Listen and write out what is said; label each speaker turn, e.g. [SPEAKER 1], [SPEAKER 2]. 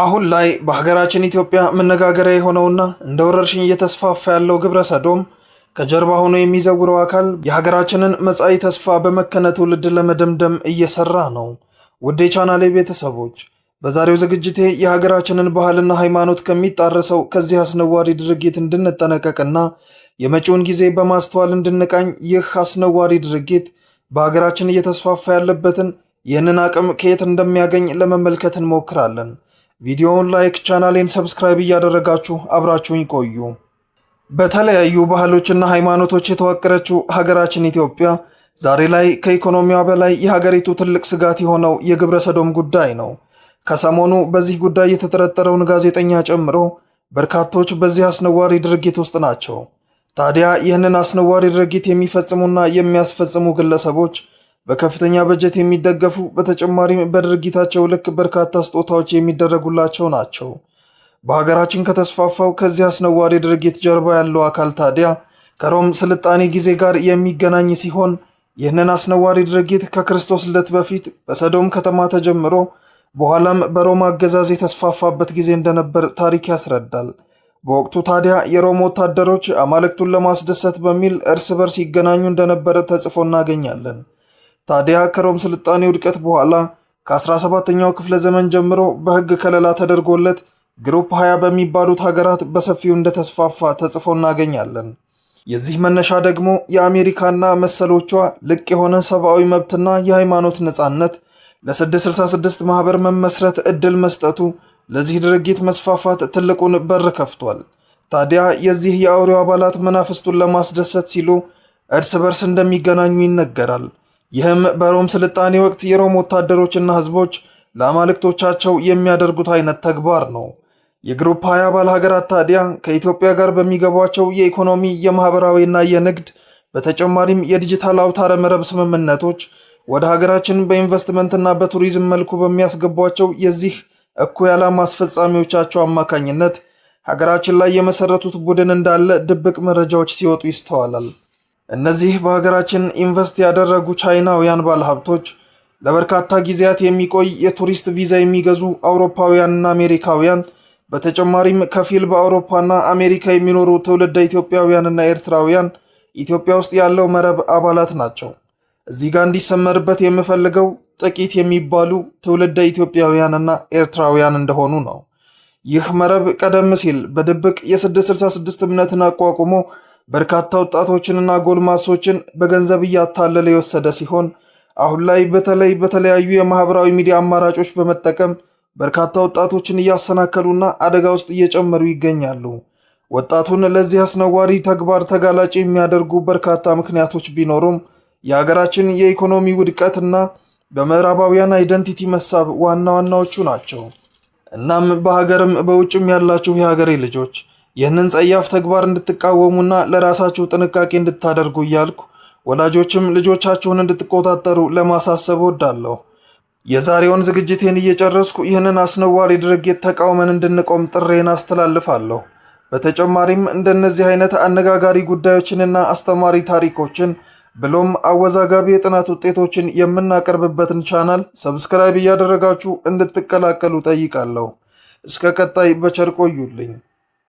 [SPEAKER 1] አሁን ላይ በሀገራችን ኢትዮጵያ መነጋገሪያ የሆነውና እንደ ወረርሽኝ እየተስፋፋ ያለው ግብረ ሰዶም ከጀርባ ሆኖ የሚዘውረው አካል የሀገራችንን መጻኢ ተስፋ በመከነ ትውልድ ለመደምደም እየሰራ ነው። ውድ የቻናሌ ቤተሰቦች በዛሬው ዝግጅቴ የሀገራችንን ባህልና ሃይማኖት ከሚጣረሰው ከዚህ አስነዋሪ ድርጊት እንድንጠነቀቅና የመጪውን ጊዜ በማስተዋል እንድንቃኝ ይህ አስነዋሪ ድርጊት በሀገራችን እየተስፋፋ ያለበትን ይህንን አቅም ከየት እንደሚያገኝ ለመመልከት እንሞክራለን። ቪዲዮውን ላይክ፣ ቻናሌን ሰብስክራይብ እያደረጋችሁ አብራችሁኝ ቆዩ። በተለያዩ ባህሎችና ሃይማኖቶች የተዋቀረችው ሀገራችን ኢትዮጵያ ዛሬ ላይ ከኢኮኖሚዋ በላይ የሀገሪቱ ትልቅ ስጋት የሆነው የግብረ ሰዶም ጉዳይ ነው። ከሰሞኑ በዚህ ጉዳይ የተጠረጠረውን ጋዜጠኛ ጨምሮ በርካቶች በዚህ አስነዋሪ ድርጊት ውስጥ ናቸው። ታዲያ ይህንን አስነዋሪ ድርጊት የሚፈጽሙና የሚያስፈጽሙ ግለሰቦች በከፍተኛ በጀት የሚደገፉ በተጨማሪም በድርጊታቸው ልክ በርካታ ስጦታዎች የሚደረጉላቸው ናቸው። በሀገራችን ከተስፋፋው ከዚህ አስነዋሪ ድርጊት ጀርባ ያለው አካል ታዲያ ከሮም ስልጣኔ ጊዜ ጋር የሚገናኝ ሲሆን ይህንን አስነዋሪ ድርጊት ከክርስቶስ ልደት በፊት በሰዶም ከተማ ተጀምሮ በኋላም በሮማ አገዛዝ የተስፋፋበት ጊዜ እንደነበር ታሪክ ያስረዳል። በወቅቱ ታዲያ የሮም ወታደሮች አማልክቱን ለማስደሰት በሚል እርስ በርስ ይገናኙ እንደነበረ ተጽፎ እናገኛለን። ታዲያ ከሮም ስልጣኔ ውድቀት በኋላ ከ17ኛው ክፍለ ዘመን ጀምሮ በሕግ ከለላ ተደርጎለት ግሩፕ 20 በሚባሉት ሀገራት በሰፊው እንደተስፋፋ ተጽፎ እናገኛለን። የዚህ መነሻ ደግሞ የአሜሪካና መሰሎቿ ልቅ የሆነ ሰብአዊ መብትና የሃይማኖት ነጻነት ለ666 ማኅበር መመስረት ዕድል መስጠቱ ለዚህ ድርጊት መስፋፋት ትልቁን በር ከፍቷል። ታዲያ የዚህ የአውሬው አባላት መናፍስቱን ለማስደሰት ሲሉ እርስ በርስ እንደሚገናኙ ይነገራል። ይህም በሮም ስልጣኔ ወቅት የሮም ወታደሮችና ህዝቦች ለአማልክቶቻቸው የሚያደርጉት አይነት ተግባር ነው። የግሩፕ 20 አባል ሀገራት ታዲያ ከኢትዮጵያ ጋር በሚገቧቸው የኢኮኖሚ የማህበራዊና የንግድ በተጨማሪም የዲጂታል አውታረ መረብ ስምምነቶች ወደ ሀገራችን በኢንቨስትመንትና በቱሪዝም መልኩ በሚያስገቧቸው የዚህ እኩይ ዓላማ አስፈጻሚዎቻቸው አማካኝነት ሀገራችን ላይ የመሰረቱት ቡድን እንዳለ ድብቅ መረጃዎች ሲወጡ ይስተዋላል። እነዚህ በሀገራችን ኢንቨስት ያደረጉ ቻይናውያን ባለሀብቶች ለበርካታ ጊዜያት የሚቆይ የቱሪስት ቪዛ የሚገዙ አውሮፓውያንና አሜሪካውያን በተጨማሪም ከፊል በአውሮፓና አሜሪካ የሚኖሩ ትውልደ ኢትዮጵያውያንና ኤርትራውያን ኢትዮጵያ ውስጥ ያለው መረብ አባላት ናቸው። እዚህ ጋር እንዲሰመርበት የምፈልገው ጥቂት የሚባሉ ትውልደ ኢትዮጵያውያንና ኤርትራውያን እንደሆኑ ነው። ይህ መረብ ቀደም ሲል በድብቅ የ666 እምነትን አቋቁሞ በርካታ ወጣቶችንና ጎልማሶችን በገንዘብ እያታለለ የወሰደ ሲሆን አሁን ላይ በተለይ በተለያዩ የማህበራዊ ሚዲያ አማራጮች በመጠቀም በርካታ ወጣቶችን እያሰናከሉና አደጋ ውስጥ እየጨመሩ ይገኛሉ። ወጣቱን ለዚህ አስነዋሪ ተግባር ተጋላጭ የሚያደርጉ በርካታ ምክንያቶች ቢኖሩም የሀገራችን የኢኮኖሚ ውድቀትና በምዕራባውያን አይደንቲቲ መሳብ ዋና ዋናዎቹ ናቸው። እናም በሀገርም በውጭም ያላችሁ የሀገሬ ልጆች ይህንን ጸያፍ ተግባር እንድትቃወሙና ለራሳችሁ ጥንቃቄ እንድታደርጉ እያልኩ ወላጆችም ልጆቻችሁን እንድትቆጣጠሩ ለማሳሰብ እወዳለሁ። የዛሬውን ዝግጅቴን እየጨረስኩ ይህንን አስነዋሪ ድርጊት ተቃውመን እንድንቆም ጥሬን አስተላልፋለሁ። በተጨማሪም እንደነዚህ አይነት አነጋጋሪ ጉዳዮችንና አስተማሪ ታሪኮችን ብሎም አወዛጋቢ የጥናት ውጤቶችን የምናቀርብበትን ቻናል ሰብስክራይብ እያደረጋችሁ እንድትቀላቀሉ ጠይቃለሁ። እስከ ቀጣይ በቸር ቆዩልኝ።